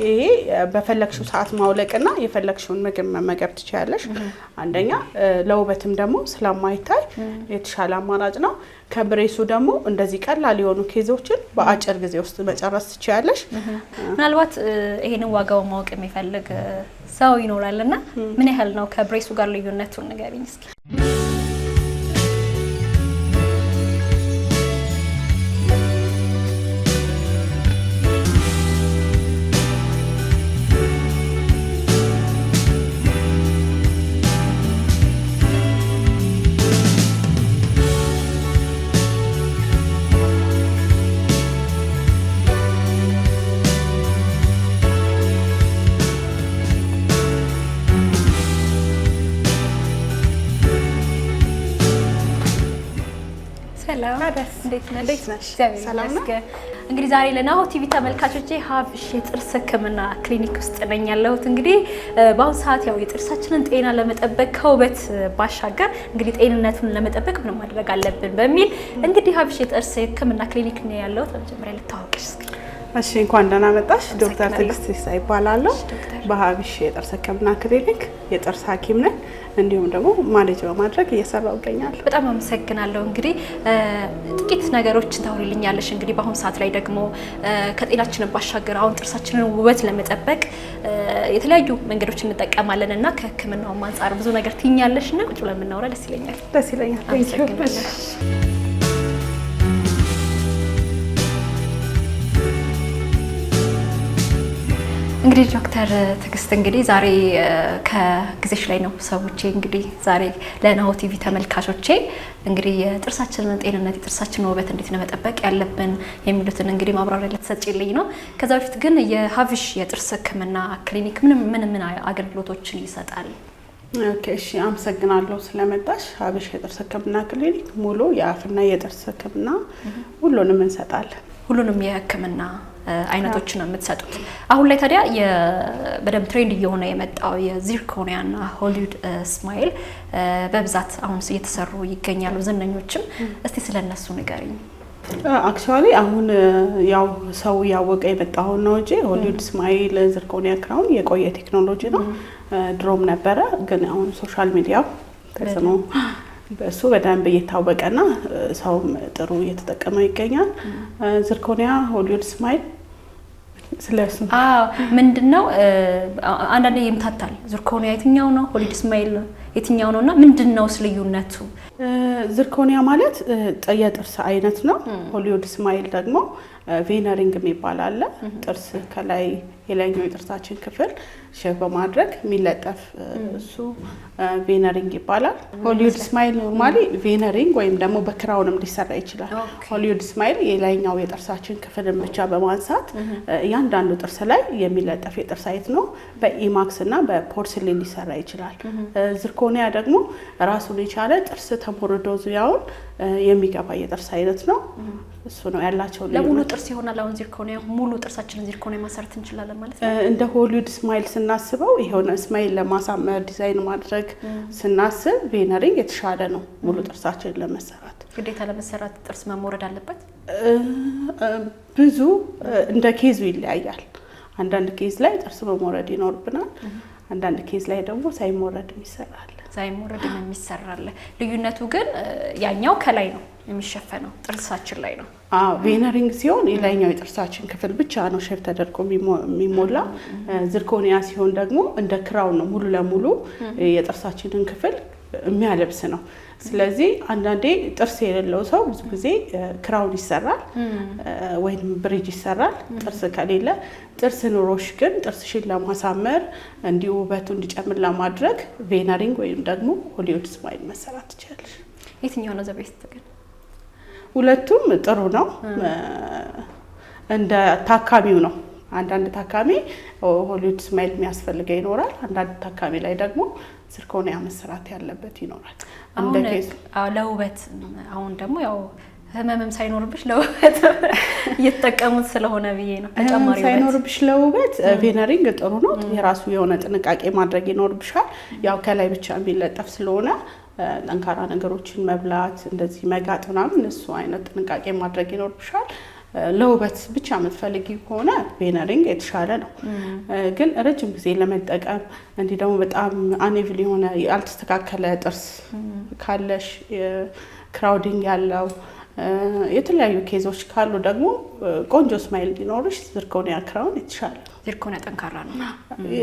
ይሄ በፈለግሽው ሰዓት ማውለቅና የፈለግሽውን ምግብ መመገብ ትችያለሽ። አንደኛ ለውበትም ደግሞ ስለማይታይ የተሻለ አማራጭ ነው። ከብሬሱ ደግሞ እንደዚህ ቀላል የሆኑ ኬዞችን በአጭር ጊዜ ውስጥ መጨረስ ትችያለሽ። ምናልባት ይሄንን ዋጋው ማወቅ የሚፈልግ ሰው ይኖራል እና ምን ያህል ነው ከብሬሱ ጋር ልዩነቱን ንገሪኝ እስኪ። እንግዲህ ዛሬ ለናሁ ቲቪ ተመልካቾቼ ሀብሽ የጥርስ ሕክምና ክሊኒክ ውስጥ ነኝ ያለሁት። እንግዲህ በአሁኑ ሰዓት ያው የጥርሳችንን ጤና ለመጠበቅ ከውበት ባሻገር እንግዲህ ጤንነቱን ለመጠበቅ ምን ማድረግ አለብን በሚል እንግዲህ ሀብሽ የጥርስ ሕክምና ክሊኒክ ነው ያለሁት። መጀመሪያ ልታወቅሽ እስኪ እሺ እንኳን ደህና መጣሽ። ዶክተር ትዕግስት ሲሳ ይባላለሁ። በሀብሽ የጥርስ ሕክምና ክሊኒክ የጥርስ ሐኪም ነኝ። እንዲሁም ደግሞ ማኔጅ በማድረግ እየሰራው እገኛለሁ። በጣም አመሰግናለሁ። እንግዲህ ጥቂት ነገሮችን ታውሪልኛለሽ። እንግዲህ በአሁኑ ሰዓት ላይ ደግሞ ከጤናችንን ባሻገር አሁን ጥርሳችንን ውበት ለመጠበቅ የተለያዩ መንገዶች እንጠቀማለን እና ከሕክምናውም አንጻር ብዙ ነገር ትኛለሽ እና ቁጭ ብለን የምናወራ ደስ ይለኛል። ደስ ይለኛል። አመሰግናለሁ። እንግዲህ ዶክተር ትዕግስት እንግዲህ ዛሬ ከጊዜሽ ላይ ነው ሰዎቼ እንግዲህ ዛሬ ለናሁ ቲቪ ተመልካቾቼ እንግዲህ የጥርሳችንን ጤንነት የጥርሳችንን ውበት እንዴት ነው መጠበቅ ያለብን የሚሉትን እንግዲህ ማብራሪያ ልትሰጪልኝ ነው። ከዛ በፊት ግን የሀብሽ የጥርስ ሕክምና ክሊኒክ ምን ምን ምን አገልግሎቶችን ይሰጣል? ኦኬ እሺ፣ አመሰግናለሁ ስለመጣሽ። ሀብሽ የጥርስ ሕክምና ክሊኒክ ሙሉ የአፍና የጥርስ ሕክምና ሁሉንም እንሰጣለን። ሁሉንም የሕክምና አይነቶች ነው የምትሰጡት። አሁን ላይ ታዲያ በደንብ ትሬንድ እየሆነ የመጣው የዚርኮኒያ የዚርኮኒያና ሆሊውድ ስማይል በብዛት አሁን እየተሰሩ ይገኛሉ። ዝነኞችም እስቲ ስለ ስለነሱ ንገሪኝ። አክቹዋሊ አሁን ያው ሰው እያወቀ የመጣውን ነው እንጂ ሆሊውድ ስማይል፣ ዝርኮኒያ ክራውን የቆየ ቴክኖሎጂ ነው። ድሮም ነበረ፣ ግን አሁን ሶሻል ሚዲያ ተጽዕኖ በእሱ በደንብ እየታወቀ ና ሰውም ጥሩ እየተጠቀመው ይገኛል። ዝርኮኒያ ሆሊውድ ስማይል ስለሱ ምንድን ነው አንዳንዴ ይምታታል። ዝርኮኒያ የትኛው ነው? ሆሊውድ ስማይል የትኛው ነው እና ምንድን ነው ስልዩነቱ? ዝርኮኒያ ማለት የጥርስ አይነት ነው። ሆሊውድ ስማይል ደግሞ ቬነሪንግ የሚባል አለ። ጥርስ ከላይ የላይኛው የጥርሳችን ክፍል ሼር በማድረግ የሚለጠፍ እሱ ቬነሪንግ ይባላል። ሆሊውድ ስማይል ኖርማሊ ቬነሪንግ ወይም ደግሞ በክራውንም ሊሰራ ይችላል። ሆሊውድ ስማይል የላይኛው የጥርሳችን ክፍልን ብቻ በማንሳት እያንዳንዱ ጥርስ ላይ የሚለጠፍ የጥርስ አይነት ነው። በኢማክስ እና በፖርስሊን ሊሰራ ይችላል። ዝርኮኒያ ደግሞ ራሱን የቻለ ጥርስ ተሞርዶ ዙሪያውን የሚገባ የጥርስ አይነት ነው። እሱ ነው ያላቸው። ለሙሉ ጥርስ ይሆናል። አሁን ዚርኮኒያ ሙሉ ጥርሳችንን ዚርኮኒያ ማሰራት እንችላለን ማለት ነው እንደ ሆሊውድ ስማይል ስናስበው የሆነ እስማኤል ለማሳመር ዲዛይን ማድረግ ስናስብ ቬነሪንግ የተሻለ ነው። ሙሉ ጥርሳችን ለመሰራት ግዴታ ለመሰራት ጥርስ መሞረድ አለበት። ብዙ እንደ ኬዙ ይለያያል። አንዳንድ ኬዝ ላይ ጥርስ መሞረድ ይኖርብናል። አንዳንድ ኬዝ ላይ ደግሞ ሳይሞረድም ይሰራል። ሳይሞረድም የሚሰራለ ልዩነቱ ግን ያኛው ከላይ ነው የሚሸፈነው ጥርሳችን ላይ ነው። ቬነሪንግ ሲሆን የላይኛው የጥርሳችን ክፍል ብቻ ነው ሼፕ ተደርጎ የሚሞላ። ዝርኮኒያ ሲሆን ደግሞ እንደ ክራውን ነው ሙሉ ለሙሉ የጥርሳችንን ክፍል የሚያለብስ ነው። ስለዚህ አንዳንዴ ጥርስ የሌለው ሰው ብዙ ጊዜ ክራውን ይሰራል ወይም ብሪጅ ይሰራል ጥርስ ከሌለ። ጥርስ ኑሮሽ ግን ጥርስሽን ለማሳመር እንዲሁ ውበቱ እንዲጨምር ለማድረግ ቬነሪንግ ወይም ደግሞ ሆሊውድ ስማይል መሰራት ትችላለሽ። የትኛው ነው ዘቤስት ግን ሁለቱም ጥሩ ነው። እንደ ታካሚው ነው። አንዳንድ ታካሚ ሆሊውድ ስማይል የሚያስፈልገ ይኖራል። አንዳንድ ታካሚ ላይ ደግሞ ዚርኮኒያ መሰራት ያለበት ይኖራል። ለውበት አሁን ደግሞ ያው ህመምም ሳይኖርብሽ ለውበት እየተጠቀሙት ስለሆነ ብዬ ነው። ህመም ሳይኖርብሽ ለውበት ቬነሪንግ ጥሩ ነው። የራሱ የሆነ ጥንቃቄ ማድረግ ይኖርብሻል። ያው ከላይ ብቻ የሚለጠፍ ስለሆነ ጠንካራ ነገሮችን መብላት እንደዚህ መጋጥ ምናምን እሱ አይነት ጥንቃቄ ማድረግ ይኖርብሻል። ለውበት ብቻ የምትፈልጊ ከሆነ ቬነሪንግ የተሻለ ነው። ግን ረጅም ጊዜ ለመጠቀም እንዲህ ደግሞ በጣም አኔቪል የሆነ ያልተስተካከለ ጥርስ ካለሽ ክራውዲንግ ያለው የተለያዩ ኬዞች ካሉ ደግሞ ቆንጆ ስማይል ሊኖርሽ ዝርኮኒያ ክራውን የተሻለ ዚርኮን ጠንካራ ነው፣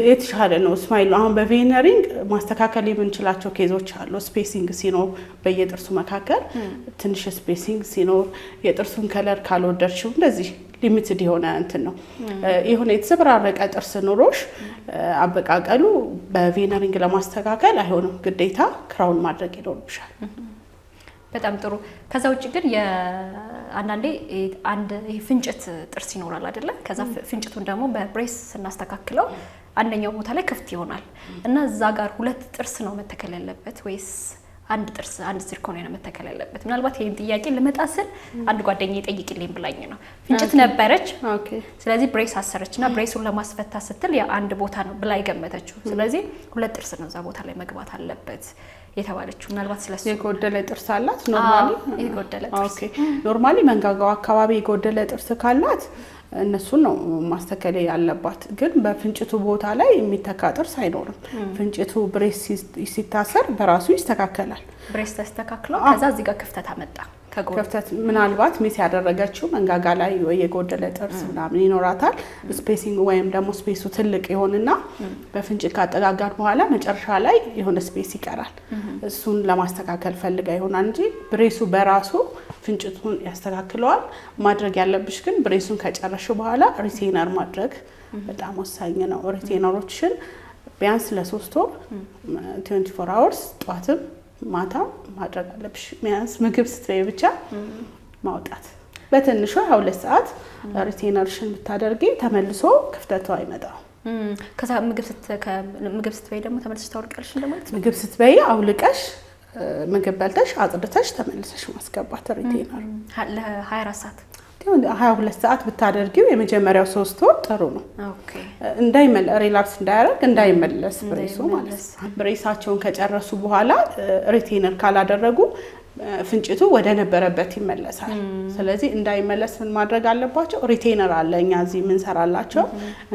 የተሻለ ነው። እስማኤል አሁን በቬነሪንግ ማስተካከል የምንችላቸው ኬዞች አሉ። ስፔሲንግ ሲኖር በየጥርሱ መካከል ትንሽ ስፔሲንግ ሲኖር፣ የጥርሱን ከለር ካልወደድሽው እንደዚህ ሊሚትድ የሆነ እንትን ነው የሆነ የተዘበራረቀ ጥርስ ኑሮሽ አበቃቀሉ በቬነሪንግ ለማስተካከል አይሆንም። ግዴታ ክራውን ማድረግ ይኖርብሻል። በጣም ጥሩ። ከዛ ውጭ ግን አንዳንዴ አንድ ይሄ ፍንጭት ጥርስ ይኖራል አይደለ? ከዛ ፍንጭቱን ደግሞ በብሬስ ስናስተካክለው አንደኛው ቦታ ላይ ክፍት ይሆናል እና እዛ ጋር ሁለት ጥርስ ነው መተከል ያለበት ወይስ አንድ ጥርስ አንድ ዝርኮን ነው መተከል ያለበት። ምናልባት ይህን ጥያቄ ልመጣ ስል አንድ ጓደኛ ይጠይቅልኝ ብላኝ ነው። ፍንጭት ነበረች፣ ስለዚህ ብሬስ አሰረች እና ብሬሱን ለማስፈታ ስትል አንድ ቦታ ነው ብላ የገመተችው። ስለዚህ ሁለት ጥርስ ነው እዛ ቦታ ላይ መግባት አለበት የተባለችው ምናልባት ስለሱ የጎደለ ጥርስ አላት። ኖርማሊ የጎደለ ጥርስ ኖርማሊ መንጋጋው አካባቢ የጎደለ ጥርስ ካላት እነሱን ነው ማስተከል ያለባት። ግን በፍንጭቱ ቦታ ላይ የሚተካ ጥርስ አይኖርም። ፍንጭቱ ብሬስ ሲታሰር በራሱ ይስተካከላል። ብሬስ ተስተካክለው ከዛ እዚህ ጋር ክፍተት አመጣ ክፍተት ምናልባት ሚስ ያደረገችው መንጋጋ ላይ የጎደለ ጥርስ ምናምን ይኖራታል። ስፔሲንግ ወይም ደግሞ ስፔሱ ትልቅ ይሆንና በፍንጭ ካጠጋጋድ በኋላ መጨረሻ ላይ የሆነ ስፔስ ይቀራል። እሱን ለማስተካከል ፈልጋ ይሆናል እንጂ ብሬሱ በራሱ ፍንጭቱን ያስተካክለዋል። ማድረግ ያለብሽ ግን ብሬሱን ከጨረሽ በኋላ ሪቴነር ማድረግ በጣም ወሳኝ ነው። ሪቴነሮችን ቢያንስ ለሶስት ወር 24 አወርስ ጠዋትም ማታ ማድረግ አለብሽ። ቢያንስ ምግብ ስትበይ ብቻ ማውጣት በትንሹ ሁለት ሰዓት ሪቴነርሽን ብታደርጊ ተመልሶ ክፍተቱ አይመጣም። ከዛ ምግብ ስትበይ ደግሞ ተመልሰሽ ታውልቀልሽ እንደማለት ምግብ ስትበይ አውልቀሽ ምግብ በልተሽ አጽድተሽ ተመልሰሽ ማስገባት ሪቴነር ለ24 ሰዓት ሀያ ሁለት ሰዓት ብታደርጊው የመጀመሪያው ሶስት ወር ጥሩ ነው። ሪላፕስ እንዳያደርግ እንዳይመለስ ብሬሱ ማለት ነው። ብሬሳቸውን ከጨረሱ በኋላ ሪቴነር ካላደረጉ ፍንጭቱ ወደ ነበረበት ይመለሳል። ስለዚህ እንዳይመለስ ምን ማድረግ አለባቸው? ሪቴነር አለ፣ እኛ እዚህ የምንሰራላቸው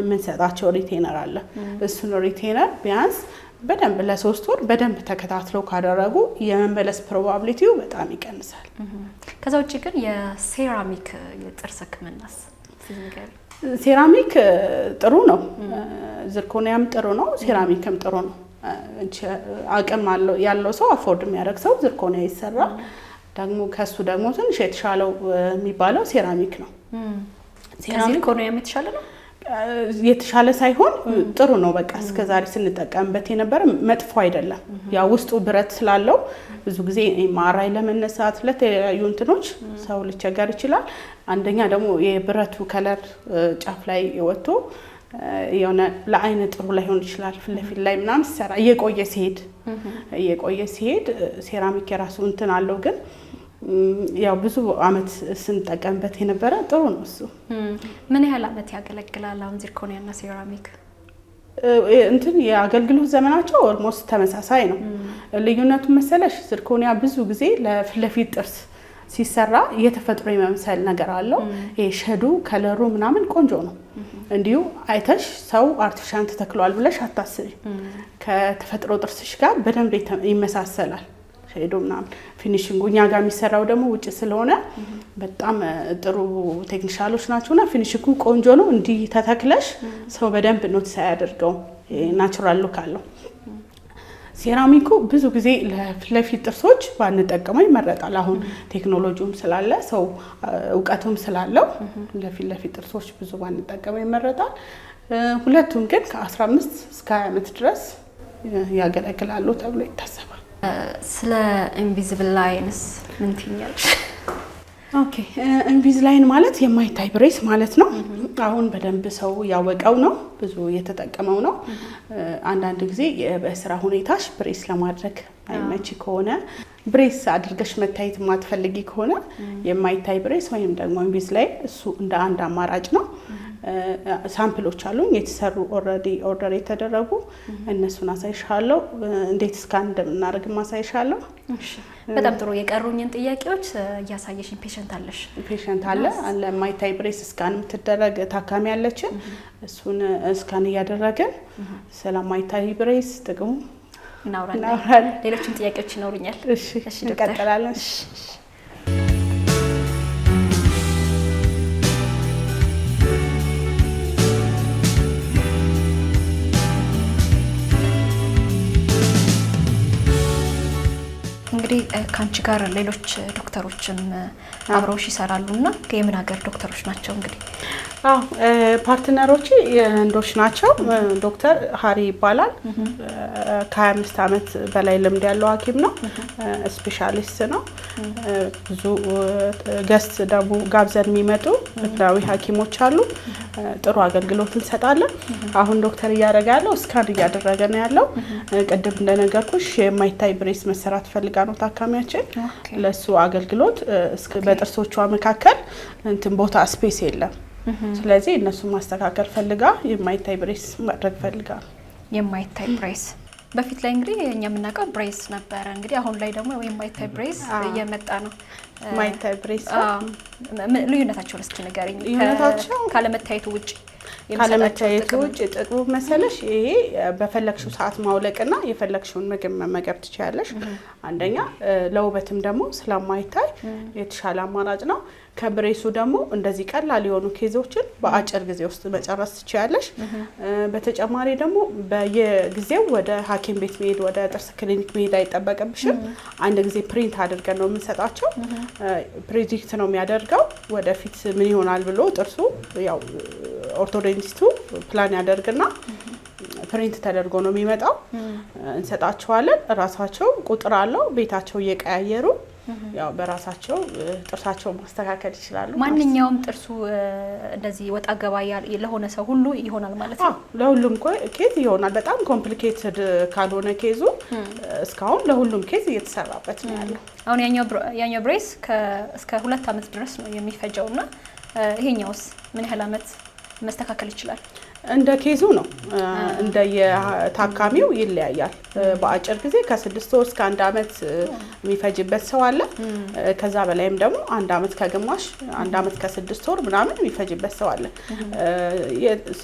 የምንሰጣቸው ሪቴነር አለ። እሱን ሪቴነር ቢያንስ በደንብ ለሶስት ወር በደንብ ተከታትለው ካደረጉ የመመለስ ፕሮባብሊቲው በጣም ይቀንሳል። ከዛ ውጭ ግን የሴራሚክ የጥርስ ህክምናስ? ሴራሚክ ጥሩ ነው፣ ዝርኮኒያም ጥሩ ነው፣ ሴራሚክም ጥሩ ነው። አቅም ያለው ሰው አፎርድ የሚያደርግ ሰው ዝርኮኒያ ይሰራል። ደግሞ ከሱ ደግሞ ትንሽ የተሻለው የሚባለው ሴራሚክ ነው። ሴራሚክ የተሻለ ነው። የተሻለ ሳይሆን ጥሩ ነው። በቃ እስከዛሬ ስንጠቀምበት የነበረ መጥፎ አይደለም። ያ ውስጡ ብረት ስላለው ብዙ ጊዜ ማራይ ለመነሳት ለተለያዩ እንትኖች ሰው ሊቸገር ይችላል። አንደኛ ደግሞ የብረቱ ከለር ጫፍ ላይ ወጥቶ የሆነ ለአይን ጥሩ ላይሆን ይችላል። ፊት ለፊት ላይ ምናምን ሲሰራ እየቆየ ሲሄድ እየቆየ ሲሄድ ሴራሚክ የራሱ እንትን አለው ግን ያው ብዙ አመት ስንጠቀምበት የነበረ ጥሩ ነው። እሱ ምን ያህል አመት ያገለግላል? አሁን ዚርኮኒያና ሴራሚክ እንትን የአገልግሎት ዘመናቸው ኦልሞስት ተመሳሳይ ነው። ልዩነቱ መሰለሽ ዚርኮኒያ ብዙ ጊዜ ለፊት ለፊት ጥርስ ሲሰራ የተፈጥሮ የመምሰል ነገር አለው። ይሄ ሸዱ ከለሩ ምናምን ቆንጆ ነው። እንዲሁ አይተሽ ሰው አርቲፊሻል ተተክሏል ብለሽ አታስቢ። ከተፈጥሮ ጥርስሽ ጋር በደንብ ይመሳሰላል። ሄዶ ምናምን ፊኒሽንጉ እኛ ጋር የሚሰራው ደግሞ ውጭ ስለሆነ በጣም ጥሩ ቴክኒሻሎች ናቸውና ፊኒሽንጉ ቆንጆ ነው። እንዲህ ተተክለሽ ሰው በደንብ ኖት ሳያደርገው ናቹራል ሉክ አለው። ሴራሚኩ ብዙ ጊዜ ለፊት ጥርሶች ባንጠቀመው ይመረጣል። አሁን ቴክኖሎጂውም ስላለ ሰው እውቀቱም ስላለው ለፊት ለፊት ጥርሶች ብዙ ባንጠቀመው ይመረጣል። ሁለቱም ግን ከ15 እስከ 20 ዓመት ድረስ ያገለግላሉ ተብሎ ይታሰባል። ስለ ኢንቪዝብል ላይንስ ምን ትይኛለሽ? ኦኬ ኢንቪዝ ላይን ማለት የማይታይ ብሬስ ማለት ነው። አሁን በደንብ ሰው ያወቀው ነው፣ ብዙ የተጠቀመው ነው። አንዳንድ ጊዜ በስራ ሁኔታሽ ብሬስ ለማድረግ አይመች ከሆነ ብሬስ አድርገሽ መታየት የማትፈልጊ ከሆነ የማይታይ ብሬስ ወይም ደግሞ ኢንቪዝ ላይን እሱ እንደ አንድ አማራጭ ነው። ሳምፕሎች አሉኝ የተሰሩ ኦልሬዲ ኦርደር የተደረጉ እነሱን አሳይሻለሁ። እንዴት እስካን እንደምናደርግ ማሳይሻለሁ። በጣም ጥሩ። የቀሩኝን ጥያቄዎች እያሳየሽኝ ፔሸንት አለሽ፣ ፔሸንት አለ አለ ማይታይ ብሬስ እስካን የምትደረግ ታካሚ አለችን። እሱን እስካን እያደረግን ስለ ማይታይ ብሬስ ጥቅሙ እናውራለን። ሌሎችም ጥያቄዎች ይኖሩኛል። እሺ እንቀጥላለን። እንግዲህ ከአንቺ ጋር ሌሎች ዶክተሮችም አብረውሽ ይሰራሉ እና የምን ሀገር ዶክተሮች ናቸው? እንግዲህ አዎ ፓርትነሮች የህንዶች ናቸው። ዶክተር ሀሪ ይባላል። ከ25 አመት በላይ ልምድ ያለው ሐኪም ነው። ስፔሻሊስት ነው። ብዙ ገስት ደግሞ ጋብዘን የሚመጡ ህጋዊ ሐኪሞች አሉ። ጥሩ አገልግሎት እንሰጣለን። አሁን ዶክተር እያደረገ ያለው እስካን እያደረገ ነው ያለው። ቅድም እንደነገርኩሽ የማይታይ ብሬስ መሰራት ፈልጋ ነው ታካሚያችን። ለእሱ አገልግሎት በጥርሶቿ መካከል እንትን ቦታ ስፔስ የለም። ስለዚህ እነሱን ማስተካከል ፈልጋ የማይታይ ብሬስ ማድረግ ፈልጋ የማይታይ ብሬስ በፊት ላይ እንግዲህ እኛ የምናውቀው ብሬስ ነበረ። እንግዲህ አሁን ላይ ደግሞ የማይታይ ብሬስ እየመጣ ነው። ማይታይ ልዩነታቸውን እስኪ ንገሪኝ። ካለመታየቱ ውጭ ካለመቻየቱ ውጭ ጥቅሙ መሰለሽ ይሄ በፈለግሽው ሰዓት ማውለቅና የፈለግሽውን ምግብ መመገብ ትችያለሽ። አንደኛ ለውበትም ደግሞ ስለማይታይ የተሻለ አማራጭ ነው። ከብሬሱ ደግሞ እንደዚህ ቀላል የሆኑ ኬዞችን በአጭር ጊዜ ውስጥ መጨረስ ትችያለሽ። በተጨማሪ ደግሞ በየጊዜው ወደ ሐኪም ቤት መሄድ ወደ ጥርስ ክሊኒክ መሄድ አይጠበቅብሽም። አንድ ጊዜ ፕሪንት አድርገን ነው የምንሰጣቸው። ፕሪዲክት ነው የሚያደርገው ወደፊት ምን ይሆናል ብሎ ጥርሱ ያው ኦርቶዶ ሳይንቲስቱ ፕላን ያደርግና ፕሪንት ተደርጎ ነው የሚመጣው። እንሰጣቸዋለን። እራሳቸው ቁጥር አለው። ቤታቸው እየቀያየሩ ያው በራሳቸው ጥርሳቸው ማስተካከል ይችላሉ። ማንኛውም ጥርሱ እንደዚህ ወጣ ገባ ለሆነ ሰው ሁሉ ይሆናል ማለት ነው። ለሁሉም ኬዝ ይሆናል። በጣም ኮምፕሊኬትድ ካልሆነ ኬዙ እስካሁን ለሁሉም ኬዝ እየተሰራበት ነው ያለው። አሁን ያኛው ብሬስ እስከ ሁለት አመት ድረስ ነው የሚፈጀው እና ይሄኛውስ ምን ያህል አመት መስተካከል ይችላል? እንደ ኬዙ ነው። እንደ የታካሚው ይለያያል። በአጭር ጊዜ ከስድስት ወር እስከ አንድ አመት የሚፈጅበት ሰው አለ። ከዛ በላይም ደግሞ አንድ አመት ከግማሽ አንድ አመት ከስድስት ወር ምናምን የሚፈጅበት ሰው አለ።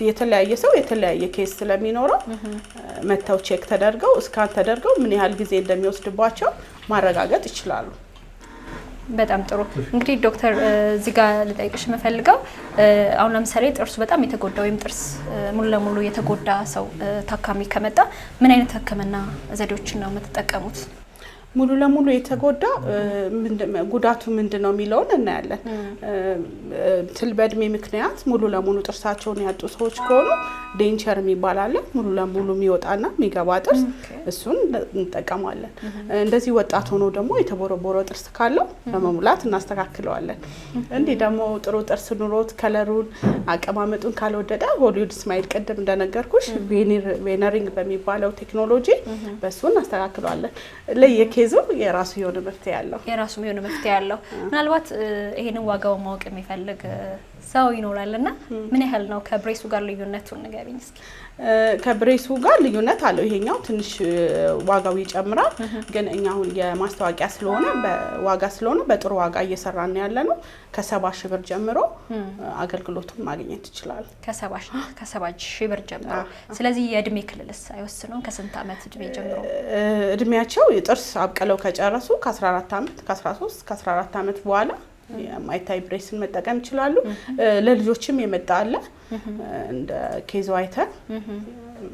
የተለያየ ሰው የተለያየ ኬስ ስለሚኖረው መተው ቼክ ተደርገው እስካን ተደርገው ምን ያህል ጊዜ እንደሚወስድባቸው ማረጋገጥ ይችላሉ። በጣም ጥሩ እንግዲህ ዶክተር እዚህ ጋር ልጠይቅሽ የምፈልገው አሁን ለምሳሌ ጥርሱ በጣም የተጎዳ ወይም ጥርስ ሙሉ ለሙሉ የተጎዳ ሰው ታካሚ ከመጣ ምን አይነት ህክምና ዘዴዎችን ነው የምትጠቀሙት? ሙሉ ለሙሉ የተጎዳ ጉዳቱ ምንድን ነው የሚለውን እናያለን። ትል በእድሜ ምክንያት ሙሉ ለሙሉ ጥርሳቸውን ያጡ ሰዎች ከሆኑ ዴንቸር የሚባል አለ ሙሉ ለሙሉ የሚወጣና የሚገባ ጥርስ፣ እሱን እንጠቀማለን። እንደዚህ ወጣት ሆኖ ደግሞ የተቦረቦረ ጥርስ ካለው ለመሙላት እናስተካክለዋለን። እንዲህ ደግሞ ጥሩ ጥርስ ኑሮት ከለሩን አቀማመጡን ካልወደደ ሆሊውድ ስማይል ቅድም እንደነገርኩሽ ቬነሪንግ በሚባለው ቴክኖሎጂ በሱ እናስተካክለዋለን። ለየኬዙ የራሱ የሆነ መፍትሄ ያለው የራሱ የሆነ መፍትሄ አለው። ምናልባት ይሄንን ዋጋው ማወቅ የሚፈልግ ሰው ይኖራል እና ምን ያህል ነው ከብሬሱ ጋር ልዩነቱን ንገሪኝ እስኪ። ከብሬሱ ጋር ልዩነት አለው። ይሄኛው ትንሽ ዋጋው ይጨምራል፣ ግን እኛ አሁን የማስታወቂያ ስለሆነ በዋጋ ስለሆነ በጥሩ ዋጋ እየሰራን ያለ ነው። ከሰባ ሺህ ብር ጀምሮ አገልግሎቱን ማግኘት ይችላል። ከሰባ ሺህ ብር ጀምሮ። ስለዚህ የእድሜ ክልልስ አይወስኑም? ከስንት ዓመት እድሜ ጀምሮ? እድሜያቸው ጥርስ አብቅለው ከጨረሱ ከ14 ዓመት ከ13 ከ14 ዓመት በኋላ የማይታይ ብሬስን መጠቀም ይችላሉ። ለልጆችም የመጣ አለ እንደ ኬዞ አይተን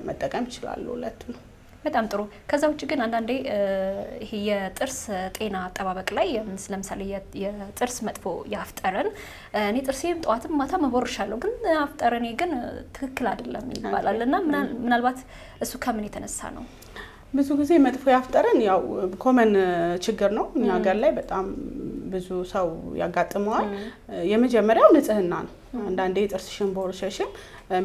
መጠቀም ይችላሉ ሁለቱ ነው። በጣም ጥሩ። ከዛ ውጭ ግን አንዳንዴ ይሄ የጥርስ ጤና አጠባበቅ ላይ ለምሳሌ የጥርስ መጥፎ የአፍጠረን እኔ ጥርሴም ጠዋትም ማታ መቦርሻለሁ፣ ግን አፍጠረኔ ግን ትክክል አይደለም ይባላል እና ምናልባት እሱ ከምን የተነሳ ነው? ብዙ ጊዜ መጥፎ ያፍጠረን ያው ኮመን ችግር ነው እኛ ሀገር ላይ በጣም ብዙ ሰው ያጋጥመዋል። የመጀመሪያው ንጽህና ነው። አንዳንዴ የጥርስሽን ቦርሸሽም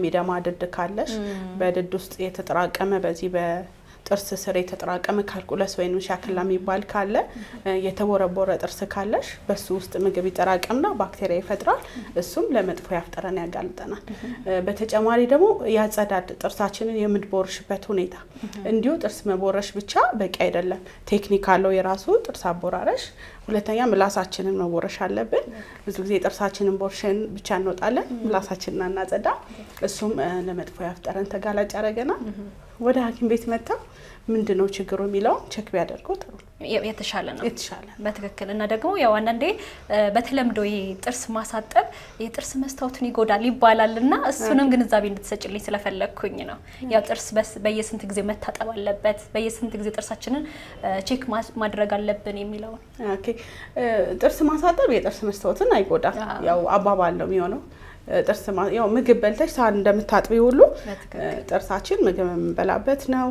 ሚደማ ድድ ካለሽ በድድ ውስጥ የተጠራቀመ በዚህ ጥርስ ስር የተጠራቀመ ካልኩለስ ወይም ሻክላ የሚባል ካለ የተቦረቦረ ጥርስ ካለሽ በሱ ውስጥ ምግብ ይጠራቀምና ባክቴሪያ ይፈጥራል። እሱም ለመጥፎ ያፍጠረን ያጋልጠናል። በተጨማሪ ደግሞ ያጸዳድ ጥርሳችንን የምንቦርሽበት ሁኔታ እንዲሁ ጥርስ መቦረሽ ብቻ በቂ አይደለም። ቴክኒክ አለው የራሱ ጥርስ አቦራረሽ። ሁለተኛ ምላሳችንን መቦረሽ አለብን። ብዙ ጊዜ ጥርሳችንን ቦርሽን ብቻ እንወጣለን፣ ምላሳችንን አናጸዳ። እሱም ለመጥፎ ያፍጠረን ተጋላጭ ያደረገናል። ወደ ሐኪም ቤት መጥተው ምንድን ነው ችግሩ የሚለውን ቸክ ቢያደርጉ ጥሩ የተሻለ ነው። የተሻለ በትክክል እና ደግሞ ያው አንዳንዴ በተለምዶ ጥርስ ማሳጠብ የጥርስ መስታወትን ይጎዳል ይባላል እና እሱንም ግንዛቤ እንድትሰጭልኝ ስለፈለግኩኝ ነው። ያው ጥርስ በየስንት ጊዜ መታጠብ አለበት፣ በየስንት ጊዜ ጥርሳችንን ቼክ ማድረግ አለብን የሚለውን ጥርስ ማሳጠብ የጥርስ መስታወትን አይጎዳ ያው አባባል ነው የሚሆነው ጥርስ ያው ምግብ በልተሽ ሳህን እንደምታጥቢ ሁሉ ጥርሳችን ምግብ የምንበላበት ነው።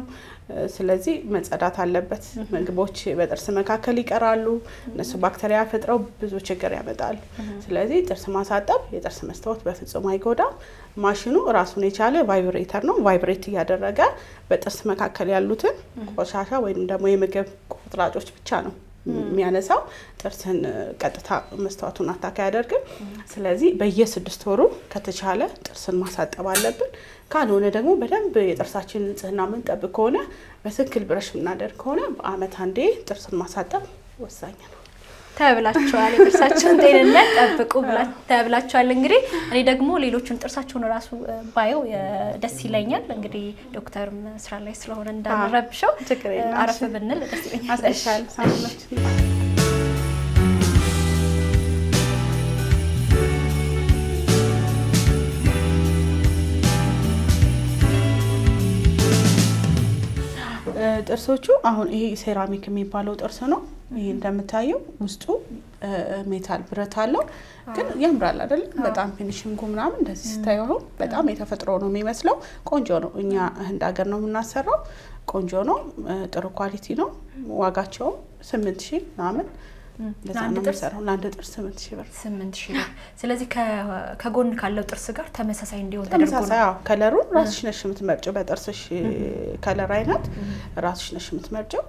ስለዚህ መጸዳት አለበት። ምግቦች በጥርስ መካከል ይቀራሉ። እነሱ ባክተሪያ ፈጥረው ብዙ ችግር ያመጣሉ። ስለዚህ ጥርስ ማሳጠብ የጥርስ መስታወት በፍጹም አይጎዳም። ማሽኑ ራሱን የቻለ ቫይብሬተር ነው። ቫይብሬት እያደረገ በጥርስ መካከል ያሉትን ቆሻሻ ወይም ደግሞ የምግብ ቁርጥራጮች ብቻ ነው የሚያነሳው ጥርስን ቀጥታ መስተዋቱን አታካ ያደርግም። ስለዚህ በየስድስት ወሩ ከተቻለ ጥርስን ማሳጠብ አለብን። ካልሆነ ደግሞ በደንብ የጥርሳችን ንጽህና ምንጠብቅ ከሆነ በትክክል ብረሽ የምናደርግ ከሆነ በአመት አንዴ ጥርስን ማሳጠብ ወሳኝ ነው። ተብላቸዋል። የጥርሳቸውን ጤንነት ጠብቁ ተብላቸዋል። እንግዲህ እኔ ደግሞ ሌሎቹን ጥርሳቸውን ራሱ ባየው ደስ ይለኛል። እንግዲህ ዶክተርም ስራ ላይ ስለሆነ እንዳንረብሸው አረፍ ብንል ደስ ይለኛል። ጥርሶቹ አሁን ይሄ ሴራሚክ የሚባለው ጥርስ ነው። ይሄ እንደምታየው ውስጡ ሜታል ብረት አለው፣ ግን ያምራል አይደለም? በጣም ፊኒሽንጉ ምናምን እንደዚህ ስታዩ አሁን በጣም የተፈጥሮ ነው የሚመስለው። ቆንጆ ነው። እኛ ህንድ ሀገር ነው የምናሰራው። ቆንጆ ነው። ጥሩ ኳሊቲ ነው። ዋጋቸውም ስምንት ሺህ ምናምን ለአንድ ጥርስ ለአንድ ጥርስ ስምንት ሺህ ብር ስምንት ሺህ ብር። ስለዚህ ከጎን ካለው ጥርስ ጋር ተመሳሳይ እንዲሆን ተመሳሳይ ከለሩን ራስሽ ነሽ የምትመርጭው በጥርስሽ ከለር አይነት ራስሽ ነሽ የምትመርጭው።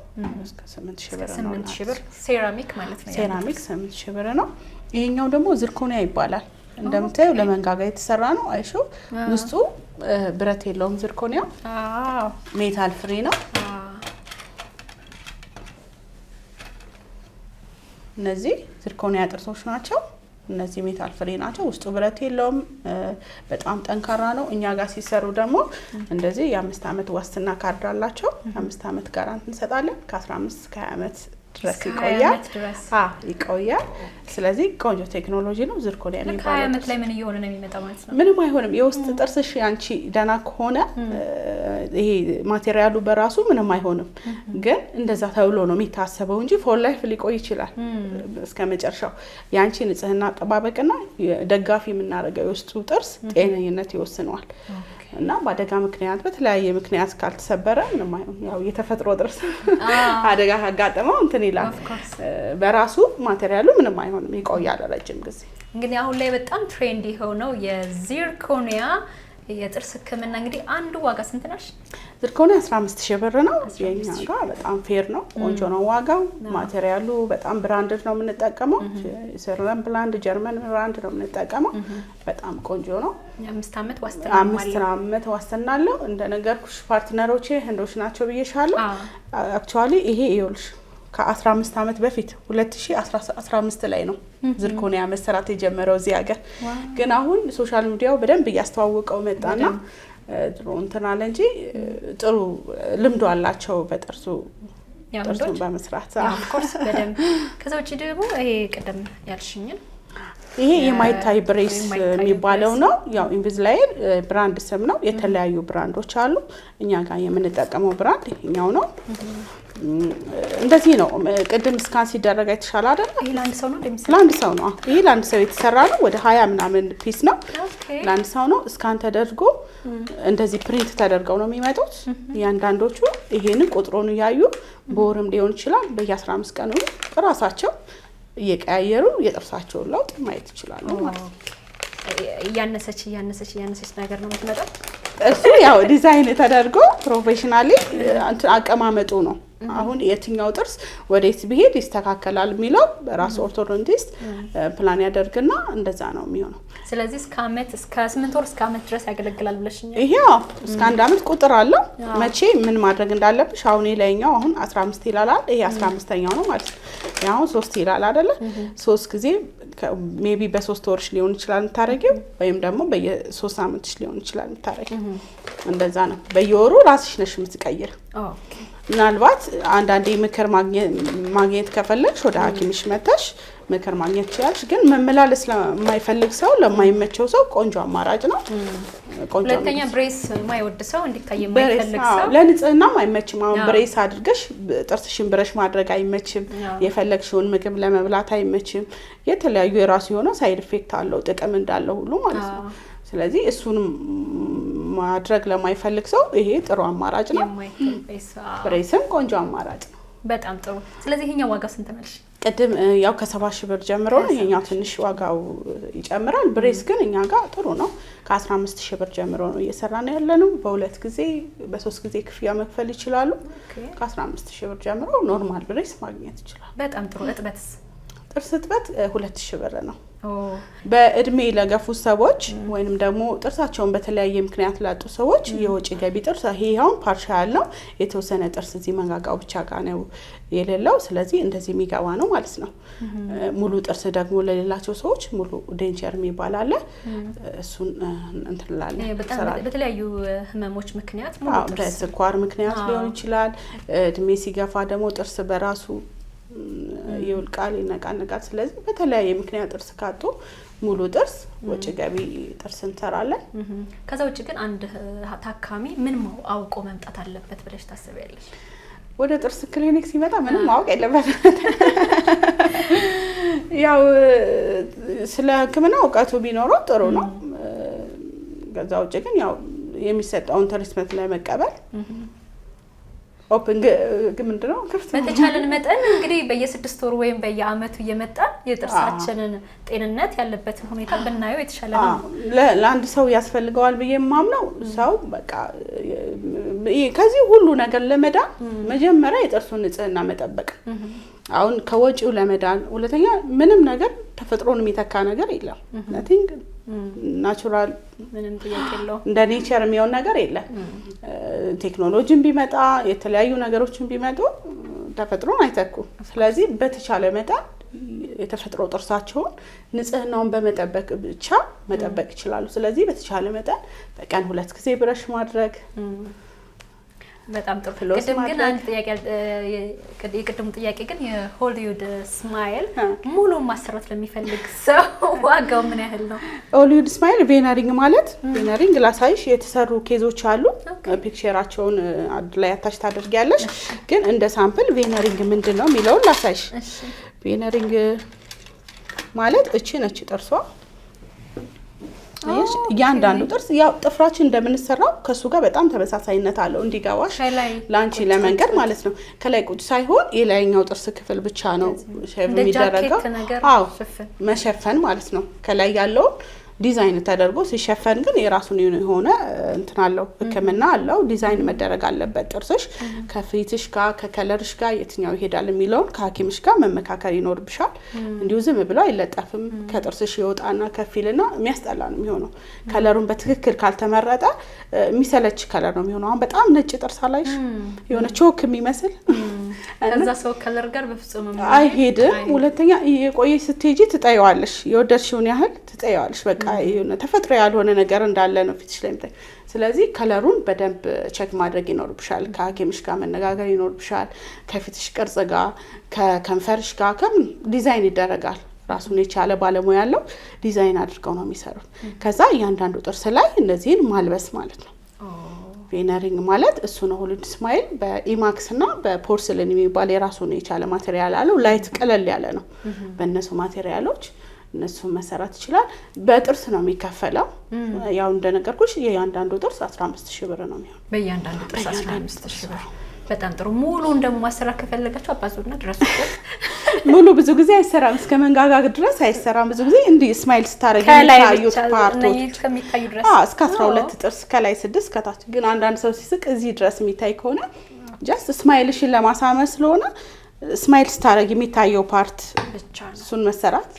እስከ ስምንት ሺህ ብር ስምንት ሺህ ብር ሴራሚክ ማለት ነው። ሴራሚክ ስምንት ሺህ ብር ነው። ይሄኛው ደግሞ ዝርኮኒያ ይባላል። እንደምታየው ለመንጋጋ የተሰራ ነው። አይሾ ውስጡ ብረት የለውም። ዝርኮኒያ ሜታል ፍሪ ነው። እነዚህ ዝርኮኒያ ጥርሶች ናቸው። እነዚህ ሜታል ፍሬ ናቸው። ውስጡ ብረት የለውም። በጣም ጠንካራ ነው። እኛ ጋር ሲሰሩ ደግሞ እንደዚህ የአምስት ዓመት ዋስትና ካርድ አላቸው። የአምስት ዓመት ጋራንት እንሰጣለን። ከአስራ አምስት ከሀያ ዓመት ድረስ ይቆያል ይቆያል። ስለዚህ ቆንጆ ቴክኖሎጂ ነው። ዝርኮኒያ የሚባለው ዓመት ላይ ምን እየሆነ ነው የሚመጣው ማለት ነው? ምንም አይሆንም። የውስጥ ጥርስሽ አንቺ ደህና ከሆነ ይሄ ማቴሪያሉ በራሱ ምንም አይሆንም። ግን እንደዛ ተብሎ ነው የሚታሰበው እንጂ ፎር ላይፍ ሊቆይ ይችላል እስከ መጨረሻው። የአንቺ ንጽህና አጠባበቅና ደጋፊ የምናደርገው የውስጡ ጥርስ ጤነኝነት ይወስነዋል። እና በአደጋ ምክንያት በተለያየ ምክንያት ካልተሰበረ ምንም ያው የተፈጥሮ ጥርስ አደጋ ካጋጠመው እንትን ይላል። በራሱ ማቴሪያሉ ምንም አይሆንም፣ ይቆያል ረጅም ጊዜ። እንግዲህ አሁን ላይ በጣም ትሬንድ የሆነው የዚርኮኒያ የጥርስ ህክምና እንግዲህ አንዱ ዋጋ ስንት ነሽ? ዝር ከሆነ 15 ሺህ ብር ነው። የኛ ጋር በጣም ፌር ነው፣ ቆንጆ ነው ዋጋው። ማቴሪያሉ በጣም ብራንድ ነው የምንጠቀመው። ስርን ብላንድ ጀርመን ብራንድ ነው የምንጠቀመው። በጣም ቆንጆ ነው። አምስት ዓመት ዋስትና አምስት ዓመት ዋስትና አለው። እንደነገርኩሽ ፓርትነሮቼ ህንዶች ናቸው ብዬሻለሁ። አክቹዋሊ ይሄ ይኸውልሽ ከ15 ዓመት በፊት 2015 ላይ ነው ዝርኮኒያ መሰራት የጀመረው እዚህ ሀገር። ግን አሁን ሶሻል ሚዲያው በደንብ እያስተዋወቀው መጣና ድሮ እንትን አለ እንጂ ጥሩ ልምዶ አላቸው በጥርሱ ጥርሱን በመስራት በደንብ። ከዛ ውጭ ደግሞ ይሄ ቅድም ያልሽኝን ይሄ የማይታይ ብሬስ የሚባለው ነው። ያው ኢንቪዝላይን ብራንድ ስም ነው። የተለያዩ ብራንዶች አሉ። እኛ ጋር የምንጠቀመው ብራንድ ይሄኛው ነው። እንደዚህ ነው። ቅድም ስካን ሲደረግ የተሻለ አይደለ? ለአንድ ሰው ነው ለአንድ ሰው ነው ይሄ ለአንድ ሰው የተሰራ ነው። ወደ ሀያ ምናምን ፒስ ነው ለአንድ ሰው ነው። ስካን ተደርጎ እንደዚህ ፕሪንት ተደርገው ነው የሚመጡት እያንዳንዶቹ። ይሄንን ቁጥሩን እያዩ በወርም ሊሆን ይችላል በየ15 ቀኑ ራሳቸው እየቀያየሩ የጥርሳቸውን ለውጥ ማየት ይችላሉ ማለት ነው። እያነሰች እያነሰች እያነሰች ነገር ነው የምትመጣው። እሱ ያው ዲዛይን ተደርጎ ፕሮፌሽናሊ አቀማመጡ ነው አሁን የትኛው ጥርስ ወዴት ብሄድ ይስተካከላል የሚለው ራሱ ኦርቶዶንቲስት ፕላን ያደርግና እንደዛ ነው የሚሆነው። ስለዚህ እስከ ዓመት እስከ ስምንት ወር እስከ ዓመት ድረስ ያገለግላል ብለሽኛል። ይሄ እስከ አንድ አመት ቁጥር አለው። መቼ ምን ማድረግ እንዳለብሽ አሁን የላይኛው አሁን አስራ አምስት ይላላል። ይሄ አስራ አምስተኛው ነው ማለት ነው። አሁን ሶስት ይላል አደለ? ሶስት ጊዜ ሜቢ በሶስት ወርሽ ሊሆን ይችላል የምታረጊው፣ ወይም ደግሞ በየሶስት አመትሽ ሊሆን ይችላል የምታረጊው። እንደዛ ነው። በየወሩ ራስሽ ነሽ የምትቀይር ምናልባት አንዳንዴ ምክር ማግኘት ከፈለግሽ ወደ ሐኪምሽ መተሽ ምክር ማግኘት ትችላለሽ። ግን መመላለስ ለማይፈልግ ሰው ለማይመቸው ሰው ቆንጆ አማራጭ ነው። ሁለተኛ ብሬስ የማይወድ ሰው እንዲታይ የማይፈልግ ሰው ለንጽህናም አይመችም። አሁን ብሬስ አድርገሽ ጥርስሽን ብረሽ ማድረግ አይመችም። የፈለግሽውን ምግብ ለመብላት አይመችም። የተለያዩ የራሱ የሆነ ሳይድ ኢፌክት አለው ጥቅም እንዳለው ሁሉ ማለት ነው። ስለዚህ እሱንም ማድረግ ለማይፈልግ ሰው ይሄ ጥሩ አማራጭ ነው። ብሬስም ቆንጆ አማራጭ ነው። በጣም ጥሩ። ስለዚህ ይሄኛው ዋጋው ስንት ነው? ቅድም ያው ከሰባ ሺህ ብር ጀምሮ ይሄኛው ትንሽ ዋጋው ይጨምራል። ብሬስ ግን እኛ ጋር ጥሩ ነው። ከ ከ15 ሺህ ብር ጀምሮ ነው እየሰራ ነው ያለ ነው። በሁለት ጊዜ በሶስት ጊዜ ክፍያ መክፈል ይችላሉ። ከ 15 ሺህ ብር ጀምሮ ኖርማል ብሬስ ማግኘት ይችላል። በጣም ጥሩ። እጥበትስ? ጥርስ እጥበት ሁለት ሺህ ብር ነው። በእድሜ ለገፉ ሰዎች ወይንም ደግሞ ጥርሳቸውን በተለያየ ምክንያት ላጡ ሰዎች የውጭ ገቢ ጥርስ ይሄ አሁን ፓርሻል ነው። የተወሰነ ጥርስ እዚህ መንጋጋው ብቻ ጋ ነው የሌለው። ስለዚህ እንደዚህ የሚገባ ነው ማለት ነው። ሙሉ ጥርስ ደግሞ ለሌላቸው ሰዎች ሙሉ ዴንቸር የሚባል አለ። እሱን እንትላለን። በተለያዩ ህመሞች ምክንያት ስኳር ምክንያት ሊሆን ይችላል። እድሜ ሲገፋ ደግሞ ጥርስ በራሱ ቃል ይነቃነቃል። ስለዚህ በተለያየ ምክንያት ጥርስ ካጡ ሙሉ ጥርስ ወጭ ገቢ ጥርስ እንሰራለን። ከዛ ውጭ ግን አንድ ታካሚ ምን አውቆ መምጣት አለበት ብለሽ ታስቢያለሽ? ወደ ጥርስ ክሊኒክ ሲመጣ ምንም ማወቅ የለበት ያው ስለ ህክምና እውቀቱ ቢኖረው ጥሩ ነው። ከዛ ውጭ ግን ያው የሚሰጠውን ትሪትመንት ለመቀበል ኦፕን ምንድነው ክፍት በተቻለን መጠን እንግዲህ በየስድስት ወር ወይም በየአመቱ እየመጣ የጥርሳችንን ጤንነት ያለበትን ሁኔታ ብናየው የተሻለ ነው። ለአንድ ሰው ያስፈልገዋል ብዬ የማምነው ሰው በቃ ከዚህ ሁሉ ነገር ለመዳ መጀመሪያ የጥርሱን ንጽህና መጠበቅ አሁን ከወጪው ለመዳን ሁለተኛ ምንም ነገር ተፈጥሮን የሚተካ ነገር የለም። ነቲንግ ናቹራል እንደ ኔቸር የሚሆን ነገር የለም። ቴክኖሎጂን ቢመጣ የተለያዩ ነገሮችን ቢመጡ ተፈጥሮን አይተኩም። ስለዚህ በተቻለ መጠን የተፈጥሮ ጥርሳቸውን ንጽህናውን በመጠበቅ ብቻ መጠበቅ ይችላሉ። ስለዚህ በተቻለ መጠን በቀን ሁለት ጊዜ ብረሽ ማድረግ በጣም ጥሩ ቅድም ግን አንድ ጥያቄ የቅድሙ ጥያቄ ግን የሆሊውድ ስማይል ሙሉ ማሰራት ለሚፈልግ ሰው ዋጋው ምን ያህል ነው? ሆሊውድ ስማይል ቬነሪንግ ማለት ቬነሪንግ ላሳይሽ የተሰሩ ኬዞች አሉ። ፒክቸራቸውን አንድ ላይ አታች ታደርጊያለሽ። ግን እንደ ሳምፕል ቬነሪንግ ምንድን ነው የሚለውን ላሳይሽ። ቬነሪንግ ማለት እቺ ነች ጥርሷ እያንዳንዱ ጥርስ ያው ጥፍራችን እንደምንሰራው ከእሱ ጋር በጣም ተመሳሳይነት አለው። እንዲገባሽ ለአንቺ ለመንገድ ማለት ነው። ከላይ ቁጭ ሳይሆን የላይኛው ጥርስ ክፍል ብቻ ነው የሚደረገው። አዎ መሸፈን ማለት ነው ከላይ ያለውን ዲዛይን ተደርጎ ሲሸፈን ግን የራሱን የሆነ እንትን አለው፣ ህክምና አለው። ዲዛይን መደረግ አለበት። ጥርስሽ ከፊትሽ ጋር ከከለርሽ ጋር የትኛው ይሄዳል የሚለውን ከሐኪምሽ ጋር መመካከር ይኖርብሻል። እንዲሁ ዝም ብሎ አይለጠፍም። ከጥርስሽ የወጣና ከፊልና የሚያስጠላ ነው የሚሆነው። ከለሩን በትክክል ካልተመረጠ የሚሰለች ከለር ነው የሚሆነው። አሁን በጣም ነጭ ጥርስ አላይሽ የሆነ ቾክ የሚመስል እዛ ሰው ከለር ጋር በፍጹም አይሄድም። ሁለተኛ የቆየች ስትሄጂ ትጠየዋለሽ፣ የወደድሽውን ያህል ትጠየዋለሽ። በቃ ተፈጥሮ ያልሆነ ነገር እንዳለ ነው ፊትሽ ላይ። ስለዚህ ከለሩን በደንብ ቼክ ማድረግ ይኖርብሻል። ከሐኪምሽ ጋር መነጋገር ይኖርብሻል። ከፊትሽ ቅርጽ ጋር ከከንፈርሽ ጋር ከምን ዲዛይን ይደረጋል ራሱን የቻለ ባለሙያ ያለው ዲዛይን አድርገው ነው የሚሰሩት። ከዛ እያንዳንዱ ጥርስ ላይ እነዚህን ማልበስ ማለት ነው። ቬነሪንግ ማለት እሱ ነው። ሁሉድ ስማይል በኢማክስ እና በፖርስልን የሚባል የራሱን የቻለ ማቴሪያል አለው። ላይት ቀለል ያለ ነው። በእነሱ ማቴሪያሎች እነሱን መሰራት ይችላል። በጥርስ ነው የሚከፈለው። ያው እንደነገርኩሽ የእያንዳንዱ ጥርስ 15 ሺህ ብር ነው የሚሆን። በእያንዳንዱ ጥርስ 15 ሺህ ብር በጣም ጥሩ። ሙሉን ደግሞ ማሰራት ከፈለጋችሁ አባዙና ሙሉ ብዙ ጊዜ አይሰራም፣ እስከ መንጋጋ ድረስ አይሰራም። ብዙ ጊዜ እንዲህ ስማይል ስታደርግ የሚታዩት ፓርቶች እስከ አስራ ሁለት ጥርስ ከላይ ስድስት ከታች ግን አንዳንድ ሰው ሲስቅ እዚህ ድረስ የሚታይ ከሆነ ጀስት ስማይልሽን ለማሳመር ስለሆነ ስማይል ስታደርግ የሚታየው ፓርት እሱን መሰራት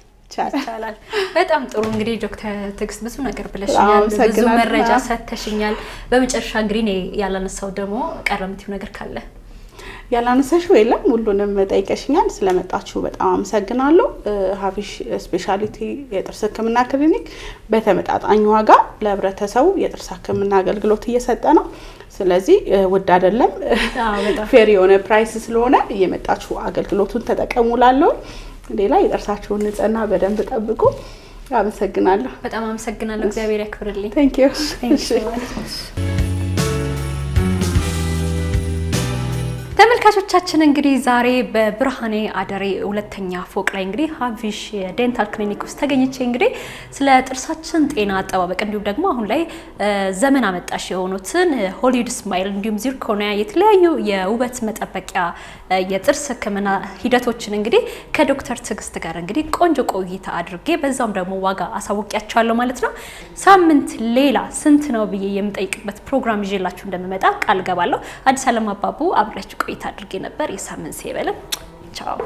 ይቻላል። በጣም ጥሩ እንግዲህ ዶክተር ትዕግስት ብዙ ነገር ብለሽኛል፣ ብዙ መረጃ ሰተሽኛል። በመጨረሻ እንግዲህ ያላነሳው ደግሞ ቀረ ነገር ካለ ያላነሳሽው የለም፣ ሁሉንም ጠይቀሽኛል። ስለመጣችሁ በጣም አመሰግናለሁ። ሀፊሽ ስፔሻሊቲ የጥርስ ሕክምና ክሊኒክ በተመጣጣኝ ዋጋ ለህብረተሰቡ የጥርስ ሕክምና አገልግሎት እየሰጠ ነው። ስለዚህ ውድ አይደለም፣ ፌር የሆነ ፕራይስ ስለሆነ እየመጣችሁ አገልግሎቱን ተጠቀሙላለሁ። ሌላ የጥርሳችሁን ንጽህና በደንብ ጠብቁ። አመሰግናለሁ። በጣም አመሰግናለሁ። እግዚአብሔር ያክብርልኝ። ቴንክ ዩ ተመልካቾቻችን እንግዲህ ዛሬ በብርሃኔ አደሬ ሁለተኛ ፎቅ ላይ እንግዲህ ሀቪሽ ዴንታል ክሊኒክ ውስጥ ተገኝቼ እንግዲህ ስለ ጥርሳችን ጤና አጠባበቅ እንዲሁም ደግሞ አሁን ላይ ዘመን አመጣሽ የሆኑትን ሆሊውድ ስማይል እንዲሁም ዚርኮኒያ የተለያዩ የውበት መጠበቂያ የጥርስ ሕክምና ሂደቶችን እንግዲህ ከዶክተር ትዕግስት ጋር እንግዲህ ቆንጆ ቆይታ አድርጌ በዛም ደግሞ ዋጋ አሳውቂያቸዋለሁ ማለት ነው። ሳምንት ሌላ ስንት ነው ብዬ የምጠይቅበት ፕሮግራም ይዤላችሁ እንደምመጣ ቃል ገባለሁ። አዲስ አለም አባቡ አብሬያችሁ ቆይታ አድርጌ ነበር። የሳምንት ሴ ቻው